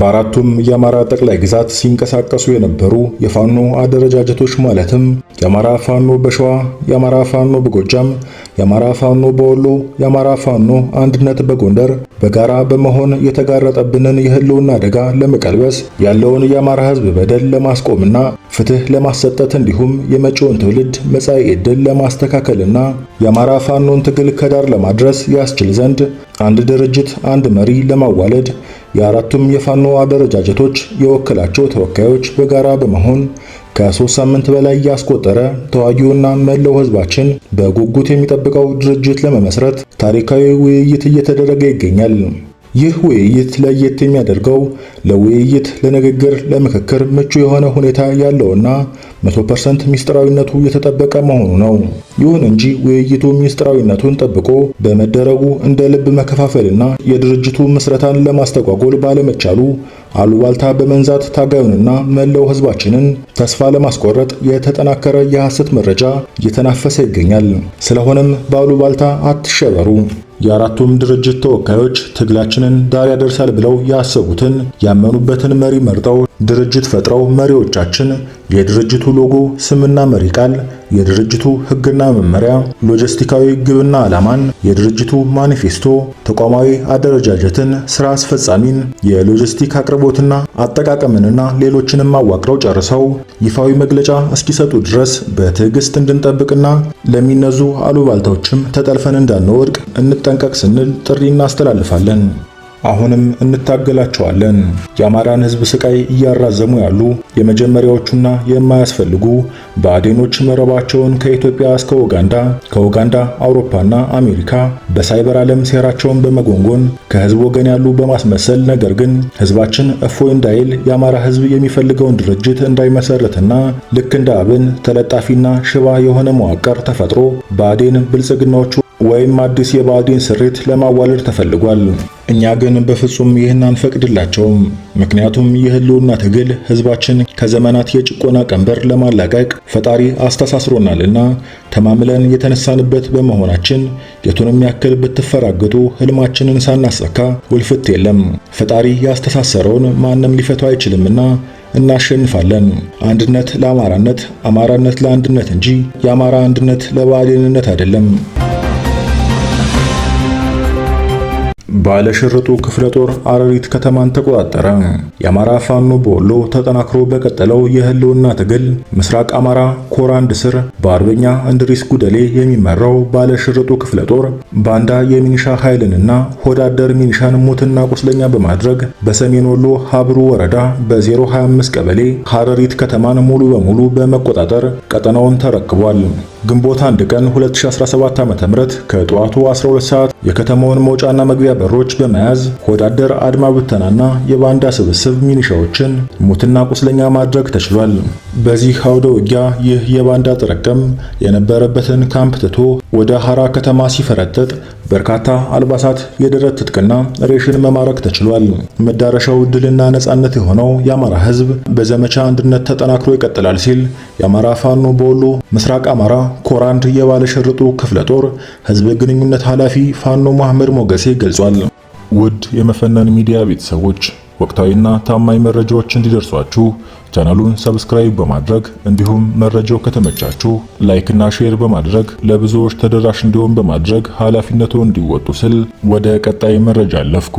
በአራቱም የአማራ ጠቅላይ ግዛት ሲንቀሳቀሱ የነበሩ የፋኖ አደረጃጀቶች ማለትም የአማራ ፋኖ በሸዋ፣ የአማራ ፋኖ በጎጃም፣ የአማራ ፋኖ በወሎ፣ የአማራ ፋኖ አንድነት በጎንደር በጋራ በመሆን የተጋረጠብንን የህልውና አደጋ ለመቀልበስ ያለውን የአማራ ህዝብ በደል ለማስቆምና ፍትህ ለማሰጠት እንዲሁም የመጪውን ትውልድ መጻኢ ዕድል ለማስተካከልና የአማራ ፋኖን ትግል ከዳር ለማድረስ ያስችል ዘንድ አንድ ድርጅት አንድ መሪ ለማዋለድ የአራቱም የፋኖ አደረጃጀቶች የወከላቸው ተወካዮች በጋራ በመሆን ከሶስት ሳምንት በላይ ያስቆጠረ ተዋጊውና መላው ህዝባችን በጉጉት የሚጠብቀው ድርጅት ለመመስረት ታሪካዊ ውይይት እየተደረገ ይገኛል። ይህ ውይይት ለየት የሚያደርገው ለውይይት፣ ለንግግር፣ ለምክክር ምቹ የሆነ ሁኔታ ያለውና 100% ሚስጥራዊነቱ የተጠበቀ መሆኑ ነው። ይሁን እንጂ ውይይቱ ሚስጥራዊነቱን ጠብቆ በመደረጉ እንደ ልብ መከፋፈልና የድርጅቱ ምስረታን ለማስተጓጎል ባለመቻሉ አሉባልታ በመንዛት ታጋዩንና መላው ህዝባችንን ተስፋ ለማስቆረጥ የተጠናከረ የሐሰት መረጃ እየተናፈሰ ይገኛል። ስለሆነም በአሉባልታ አትሸበሩ። የአራቱም ድርጅት ተወካዮች ትግላችንን ዳር ያደርሳል ብለው ያሰቡትን ያመኑበትን መሪ መርጠው ድርጅት ፈጥረው መሪዎቻችን የድርጅቱ ሎጎ ስምና መሪ ቃል የድርጅቱ ህግና መመሪያ፣ ሎጂስቲካዊ ግብና ዓላማን፣ የድርጅቱ ማኒፌስቶ፣ ተቋማዊ አደረጃጀትን፣ ስራ አስፈጻሚን፣ የሎጂስቲክ አቅርቦትና አጠቃቀምንና ሌሎችንም አዋቅረው ጨርሰው ይፋዊ መግለጫ እስኪሰጡ ድረስ በትዕግስት እንድንጠብቅና ለሚነዙ አሉባልታዎችም ተጠልፈን እንዳንወድቅ እንጠንቀቅ ስንል ጥሪ እናስተላልፋለን። አሁንም እንታገላቸዋለን። የአማራን ህዝብ ስቃይ እያራዘሙ ያሉ የመጀመሪያዎቹና የማያስፈልጉ ብአዴኖች መረባቸውን ከኢትዮጵያ እስከ ኡጋንዳ፣ ከኡጋንዳ አውሮፓና አሜሪካ በሳይበር ዓለም ሴራቸውን በመጎንጎን ከህዝብ ወገን ያሉ በማስመሰል ነገር ግን ህዝባችን እፎይ እንዳይል የአማራ ህዝብ የሚፈልገውን ድርጅት እንዳይመሰርትና ልክ እንደ አብን ተለጣፊና ሽባ የሆነ መዋቅር ተፈጥሮ ብአዴን ብልጽግናዎቹ ወይም አዲስ የባዕዴን ስሪት ለማዋለድ ተፈልጓል። እኛ ግን በፍጹም ይህን አንፈቅድላቸውም። ምክንያቱም የህልውና ትግል ህዝባችን ከዘመናት የጭቆና ቀንበር ለማላቀቅ ፈጣሪ አስተሳስሮናልና ተማምለን የተነሳንበት በመሆናችን የቱንም ያክል ብትፈራግጡ ህልማችንን ሳናሳካ ውልፍት የለም። ፈጣሪ ያስተሳሰረውን ማንም ሊፈታው አይችልምና እናሸንፋለን። አንድነት ለአማራነት፣ አማራነት ለአንድነት እንጂ የአማራ አንድነት ለባዕዴንነት አይደለም። ባለሽርጡ ክፍለ ጦር አረሪት ከተማን ተቆጣጠረ። የአማራ ፋኖ በወሎ ተጠናክሮ በቀጠለው የህልውና ትግል ምስራቅ አማራ ኮራንድ ስር በአርበኛ እንድሪስ ጉደሌ የሚመራው ባለሽርጡ ክፍለ ጦር ባንዳ የሚኒሻ ኃይልንና ሆዳደር ሚኒሻን ሙትና ቁስለኛ በማድረግ በሰሜን ወሎ ሀብሩ ወረዳ በ025 ቀበሌ ሀረሪት ከተማን ሙሉ በሙሉ በመቆጣጠር ቀጠናውን ተረክቧል። ግንቦት 1 ቀን 2017 ዓ.ም ከጠዋቱ 12 ሰዓት የከተማውን መውጫና መግቢያ በሮች በመያዝ ሆዳደር አድማ ብተናና የባንዳ ስብስብ ሚኒሻዎችን ሙትና ቁስለኛ ማድረግ ተችሏል። በዚህ አውደ ውጊያ ይህ የባንዳ ጥረቅም የነበረበትን ካምፕ ትቶ ወደ ሐራ ከተማ ሲፈረጥጥ በርካታ አልባሳት፣ የደረት ትጥቅና ሬሽን መማረክ ተችሏል። መዳረሻው ድልና ነጻነት የሆነው የአማራ ህዝብ በዘመቻ አንድነት ተጠናክሮ ይቀጥላል ሲል የአማራ ፋኖ በወሎ ምስራቅ አማራ ኮራንድ የባለሸርጡ ክፍለ ጦር ህዝብ ግንኙነት ኃላፊ ፋኖ መሐመድ ሞገሴ ገልጿል። ውድ የመፈነን ሚዲያ ቤተሰቦች ወቅታዊና ታማኝ መረጃዎች እንዲደርሷችሁ ቻናሉን ሰብስክራይብ በማድረግ እንዲሁም መረጃው ከተመቻችሁ ላይክና ሼር በማድረግ ለብዙዎች ተደራሽ እንዲሆን በማድረግ ኃላፊነቱን እንዲወጡ ስል ወደ ቀጣይ መረጃ አለፍኩ።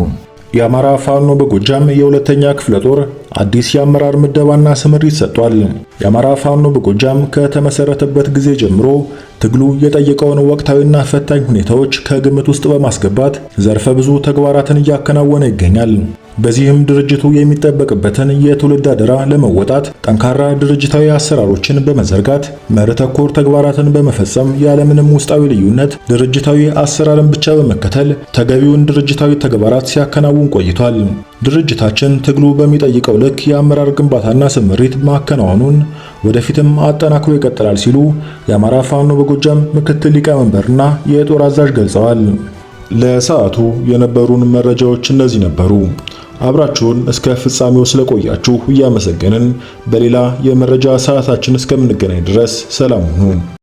የአማራ ፋኖ በጎጃም የሁለተኛ ክፍለ ጦር አዲስ የአመራር ምደባና ስምሪት ሰጥቷል። የአማራ ፋኖ በጎጃም ከተመሰረተበት ጊዜ ጀምሮ ትግሉ የጠየቀውን ወቅታዊና ፈታኝ ሁኔታዎች ከግምት ውስጥ በማስገባት ዘርፈ ብዙ ተግባራትን እያከናወነ ይገኛል። በዚህም ድርጅቱ የሚጠበቅበትን የትውልድ አደራ ለመወጣት ጠንካራ ድርጅታዊ አሰራሮችን በመዘርጋት መርህ ተኮር ተግባራትን በመፈጸም ያለምንም ውስጣዊ ልዩነት ድርጅታዊ አሰራርን ብቻ በመከተል ተገቢውን ድርጅታዊ ተግባራት ሲያከናውን ቆይቷል። ድርጅታችን ትግሉ በሚጠይቀው ልክ የአመራር ግንባታና ስምሪት ማከናወኑን ወደፊትም አጠናክሮ ይቀጥላል ሲሉ የአማራ ፋኖ በጎጃም ምክትል ሊቀመንበርና የጦር አዛዥ ገልጸዋል። ለሰዓቱ የነበሩን መረጃዎች እነዚህ ነበሩ። አብራችሁን እስከ ፍጻሜው ስለቆያችሁ እያመሰገንን በሌላ የመረጃ ሰዓታችን እስከምንገናኝ ድረስ ሰላም ሁኑ።